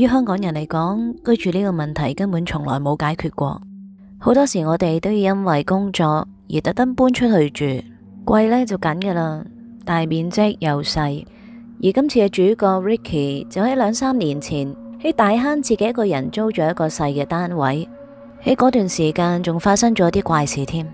於香港人嚟講，居住呢個問題根本從來冇解決過。好多時我哋都要因為工作而特登搬出去住，貴呢就緊噶啦，但面積又細。而今次嘅主角 Ricky 就喺兩三年前喺大坑自己一個人租咗一個細嘅單位，喺嗰段時間仲發生咗啲怪事添。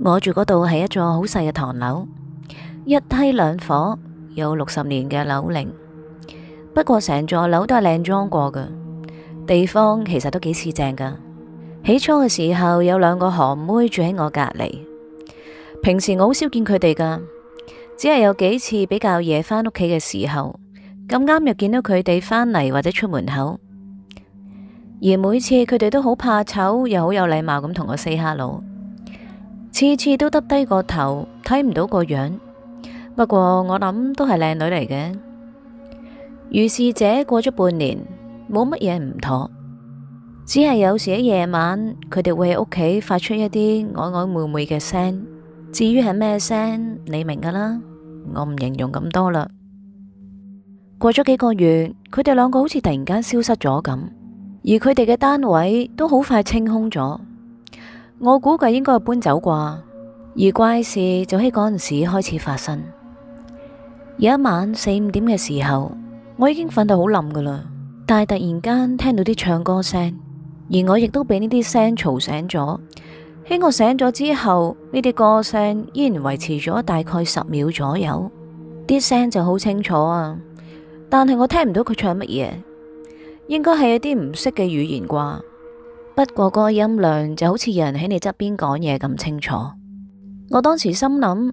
我住嗰度係一座好細嘅唐樓，一梯兩房，有六十年嘅樓齡。不過成座樓都係靚裝過嘅，地方其實都幾似正噶。起初嘅時候有兩個韓妹住喺我隔籬，平時我好少見佢哋噶，只係有幾次比較夜返屋企嘅時候，咁啱又見到佢哋返嚟或者出門口。而每次佢哋都好怕醜，又好有禮貌咁同我 say hello，次次都耷低個頭睇唔到個樣。不過我諗都係靚女嚟嘅。如是者，過咗半年，冇乜嘢唔妥，只係有時喺夜晚，佢哋會喺屋企發出一啲曖曖昧昧嘅聲。至於係咩聲？你明噶啦，我唔形容咁多啦。過咗幾個月，佢哋兩個好似突然間消失咗咁，而佢哋嘅單位都好快清空咗。我估計應該係搬走啩。而怪事就喺嗰陣時開始發生。有一晚四五點嘅時候，我已經瞓到好冧㗎喇，但係突然間聽到啲唱歌聲，而我亦都俾呢啲聲嘈醒咗。喺我醒咗之後，呢啲歌聲依然維持咗大概十秒左右，啲聲就好清楚啊。但係我聽唔到佢唱乜嘢，應該係有啲唔識嘅語言啩。不過個音量就好似有人喺你側邊講嘢咁清楚。我當時心諗，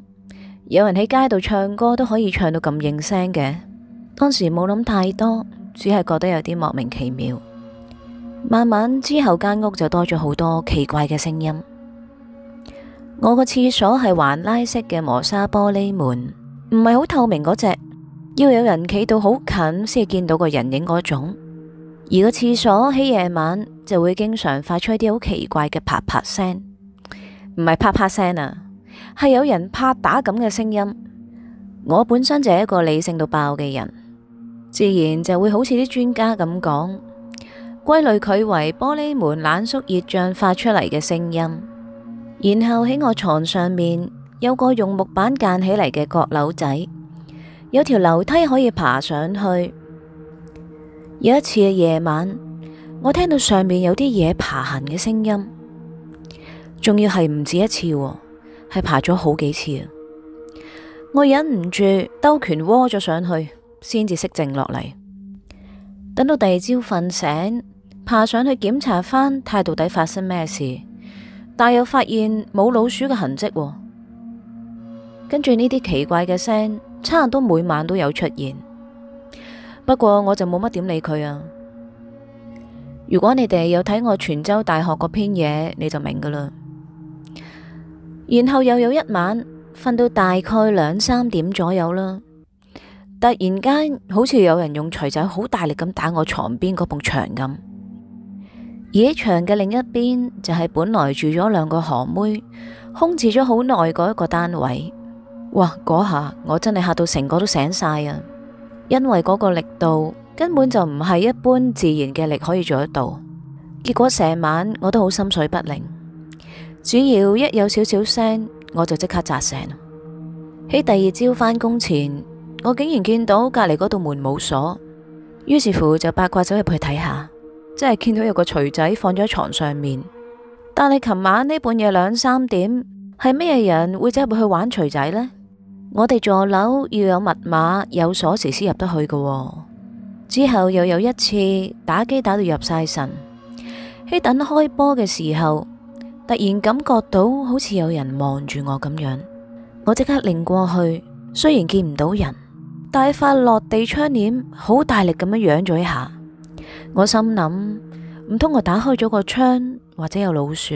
有人喺街度唱歌都可以唱到咁應聲嘅。當時冇諗太多，只係覺得有啲莫名其妙。慢慢之後間屋就多咗好多奇怪嘅聲音。我個廁所係橫拉式嘅磨砂玻璃門，唔係好透明嗰隻，要有人企到好近先見到個人影嗰種。而個廁所喺夜晚就會經常發出一啲好奇怪嘅啪啪聲，唔係啪啪聲啊，係有人拍打咁嘅聲音。我本身就係一個理性到爆嘅人。自然就會好似啲專家咁講，歸類佢為玻璃門冷縮熱脹發出嚟嘅聲音。然後喺我床上面有個用木板間起嚟嘅閣樓仔，有條樓梯可以爬上去。有一次嘅夜晚，我聽到上面有啲嘢爬行嘅聲音，仲要係唔止一次，係爬咗好幾次啊！我忍唔住兜拳窩咗上去。先至識靜落嚟，等到第二朝瞓醒，爬上去檢查返睇到底發生咩事，但又發現冇老鼠嘅痕迹。跟住呢啲奇怪嘅聲，差唔多每晚都有出現。不過我就冇乜點理佢啊。如果你哋有睇我泉州大學嗰篇嘢，你就明㗎喇。然後又有一晚，瞓到大概兩三點左右啦。突然間，好似有人用錘仔好大力咁打我床邊嗰埲牆咁。野牆嘅另一邊就係、是、本來住咗兩個河妹，空置咗好耐嗰一個單位。哇！嗰下我真係嚇到成個都醒晒啊！因為嗰個力度根本就唔係一般自然嘅力可以做得到。結果成晚我都好心水不寧，只要一有少少聲我就即刻扎醒。喺第二朝返工前，我竟然見到隔籬嗰道門冇鎖，於是乎就八卦走入去睇下，即係見到有個錘仔放咗喺床上面。但係琴晚呢半夜兩三點，係咩人會走入去玩錘仔呢？我哋座樓要有密碼，有鎖匙先入得去噶。之後又有一次打機打到入晒神，喺等開波嘅時候，突然感覺到好似有人望住我咁樣，我即刻擰過去，雖然見唔到人。大幅落地窗簾好大力咁樣揚咗一下，我心諗，唔通我打開咗個窗或者有老鼠，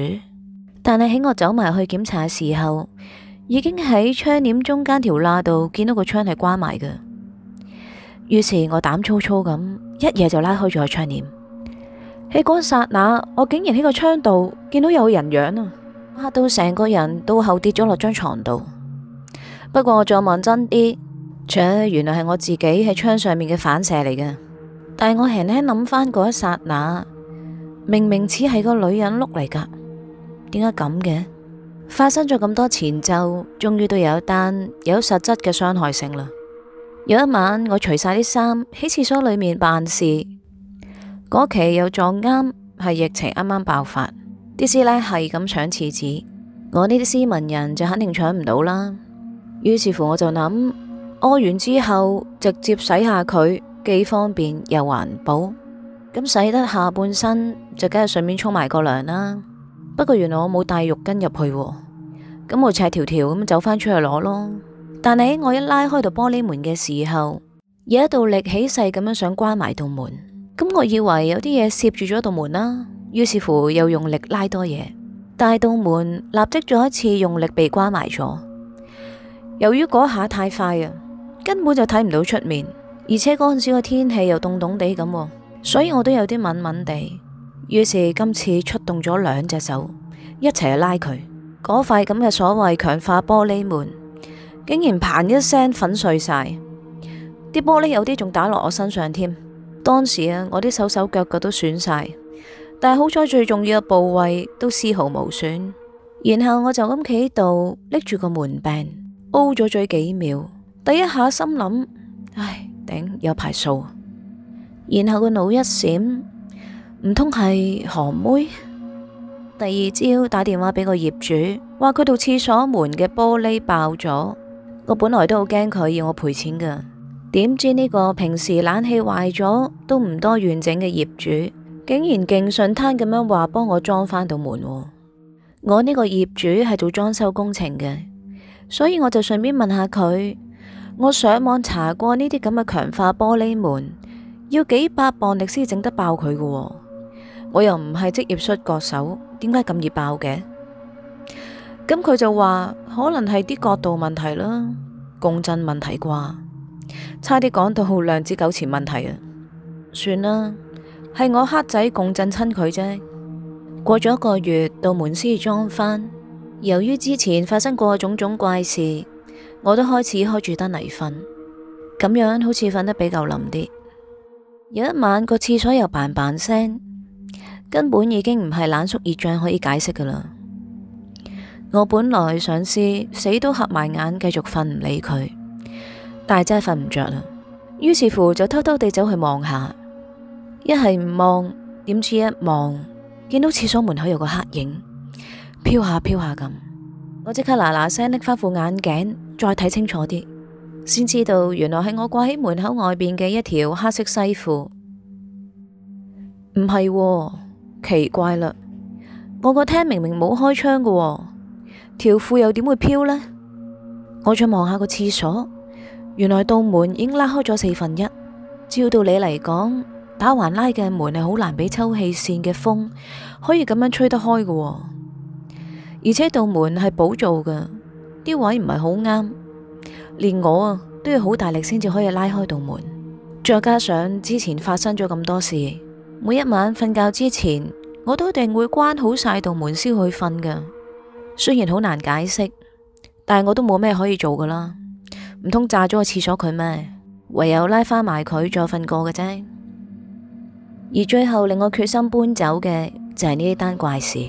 但係喺我走埋去檢查嘅時候，已經喺窗簾中間條罅度見到個窗係關埋嘅。於是我膽粗粗咁一嘢就拉開咗個窗簾，喺嗰剎那我竟然喺個窗度見到有人影啊！嚇到成個人都後跌咗落張床度。不過我再望真啲。這原來係我自己喺窗上面嘅反射嚟嘅，但係我輕輕諗翻嗰一剎那，明明似係個女人碌嚟噶，點解咁嘅？發生咗咁多前奏，終於都有一單有實質嘅傷害性啦。有一晚，我除晒啲衫喺廁所裏面辦事，嗰期又撞啱係疫情啱啱爆發，啲師奶係咁搶廁紙，我呢啲斯文人就肯定搶唔到啦。於是乎，我就諗。屙完之後直接洗下佢，既方便又環保。咁洗得下半身就梗係順便沖埋個涼啦。不過原來我冇帶浴巾入去，咁我赤條條咁走返出去攞咯。但係我一拉開道玻璃門嘅時候，有一道力起勢咁樣想關埋道門，咁我以為有啲嘢攝住咗道門啦，於是乎又用力拉多嘢，但係道門立即再一次用力被關埋咗。由於嗰下太快啊！根本就睇唔到出面，而且嗰陣時個天氣又凍凍地咁，所以我都有啲敏敏地。於是今次出動咗兩隻手一齊去拉佢嗰塊咁嘅所謂強化玻璃門，竟然嘭一聲粉碎晒啲玻璃，有啲仲打落我身上添。當時啊，我啲手手腳腳都損晒，但係好彩最重要嘅部位都絲毫無損。然後我就咁企度拎住個門柄，o 咗嘴幾秒。第一下心諗，唉，頂，有排數。然後個腦一閃，唔通係韓妹？第二朝打電話俾個業主，話佢度廁所門嘅玻璃爆咗。我本來都好驚佢要我賠錢噶，點知呢個平時冷氣壞咗都唔多完整嘅業主，竟然勁順攤咁樣話幫我裝翻度門。我呢個業主係做裝修工程嘅，所以我就順便問下佢。我上網查過呢啲咁嘅強化玻璃門，要幾百磅力先整得爆佢㗎喎。我又唔係職業摔角手，點解咁易爆嘅？咁佢就話可能係啲角度問題啦，共振問題啩？差啲講到量子糾纏問題啊！算啦，係我黑仔共振親佢啫。過咗一個月，道門先裝翻。由於之前發生過種種怪事。我都開始開住燈嚟瞓，咁樣好似瞓得比較冧啲。有一晚個廁所又嘭嘭聲，根本已經唔係冷縮熱脹可以解釋嘅啦。我本來想試死都合埋眼繼續瞓唔理佢，但真係瞓唔着啦。於是乎就偷偷地走去望下，一係唔望，點知一望，見到廁所門口有個黑影飄下飄下咁。我即刻嗱嗱聲拎返副眼鏡，再睇清楚啲，先知道原來係我掛喺門口外邊嘅一條黑色西褲。唔係喎，奇怪嘞，我個廳明明冇開窗嘅喎，條褲又點會飄呢？我再望下個廁所，原來道門已經拉開咗四分一。照道理嚟講，打橫拉嘅門係好難俾抽氣扇嘅風可以咁樣吹得開嘅喎。而且道門係補做嘅，啲位唔係好啱，連我啊都要好大力先至可以拉開道門。再加上之前發生咗咁多事，每一晚瞓覺之前我都一定會關好晒道門先去瞓嘅。雖然好難解釋，但係我都冇咩可以做噶啦，唔通炸咗個廁所佢咩？唯有拉翻埋佢再瞓過嘅啫。而最後令我決心搬走嘅就係呢一單怪事。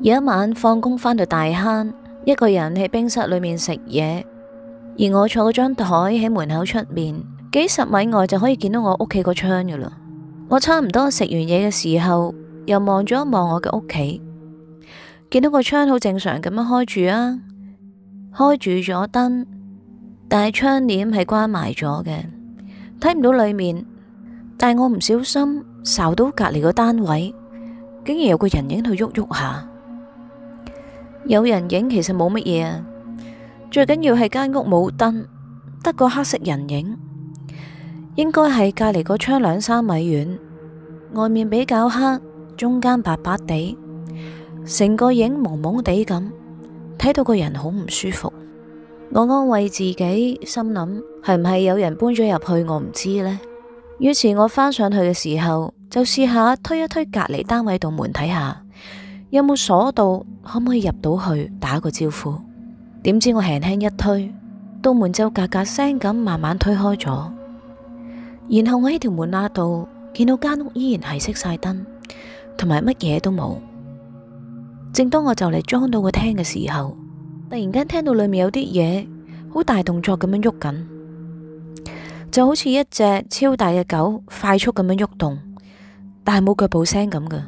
有一晚放工，返到大坑，一個人喺冰室裏面食嘢，而我坐嗰張台喺門口出面，幾十米外就可以見到我屋企個窗嘅啦。我差唔多食完嘢嘅時候，又望咗一望我嘅屋企，見到個窗好正常咁樣開住啊，開住咗燈，但係窗簾係關埋咗嘅，睇唔到裏面。但係我唔小心睄到隔籬個單位，竟然有個人影喺度喐喐下。有人影其實冇乜嘢啊，最緊要係間屋冇燈，得個黑色人影，應該係隔籬個窗兩三米遠，外面比較黑，中間白白地，成個影蒙蒙地咁，睇到個人好唔舒服。我安慰自己，心諗係唔係有人搬咗入去，我唔知呢。於是我返上去嘅時候，就試下推一推隔籬單位度門睇下。有冇鎖到？可唔可以入到去打個招呼？點知我輕輕一推，到門就嘎嘎聲咁慢慢推開咗。然後我喺條門罅度見到間屋依然係熄晒燈，同埋乜嘢都冇。正當我就嚟裝到個廳嘅時候，突然間聽到裏面有啲嘢好大動作咁樣喐緊，就好似一隻超大嘅狗快速咁樣喐動，但係冇腳步聲咁嘅。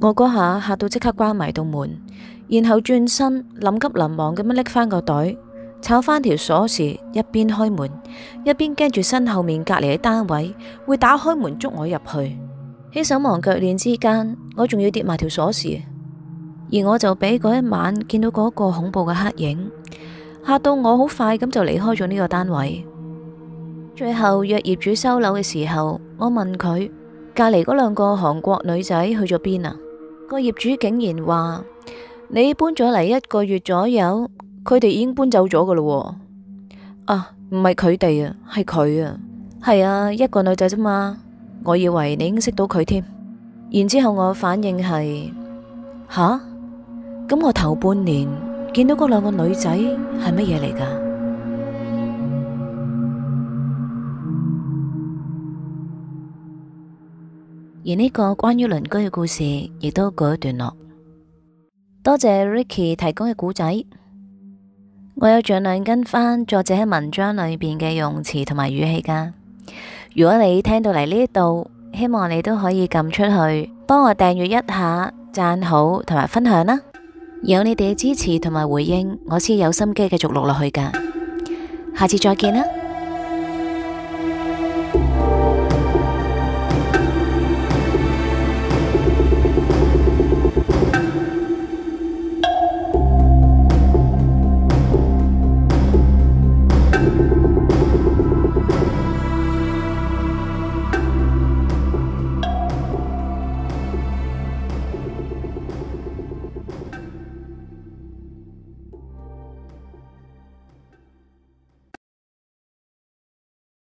我嗰下嚇到即刻關埋道門，然後轉身，臨急臨忙咁樣拎翻個袋，抄翻條鎖匙，一邊開門，一邊驚住身後面隔籬嘅單位會打開門捉我入去。喺手忙腳亂之間，我仲要跌埋條鎖匙，而我就俾嗰一晚見到嗰個恐怖嘅黑影嚇到我，好快咁就離開咗呢個單位。最後約業主收樓嘅時候，我問佢。隔籬嗰兩個韓國女仔去咗邊啊？個業主竟然話，你搬咗嚟一個月左右，佢哋已經搬走咗噶咯？啊，唔係佢哋啊，係佢啊，係啊，一個女仔啫嘛，我以為你已經識到佢添。然之後我反應係吓，咁我頭半年見到嗰兩個女仔係乜嘢嚟噶？而呢個關於鄰居嘅故事亦都告一段落。多謝 Ricky 提供嘅故仔，我有盡量跟翻作者喺文章裏邊嘅用詞同埋語氣噶。如果你聽到嚟呢度，希望你都可以撳出去，幫我訂閱一下、讚好同埋分享啦。有你哋嘅支持同埋回應，我先有心機繼續錄落去噶。下次再見啦。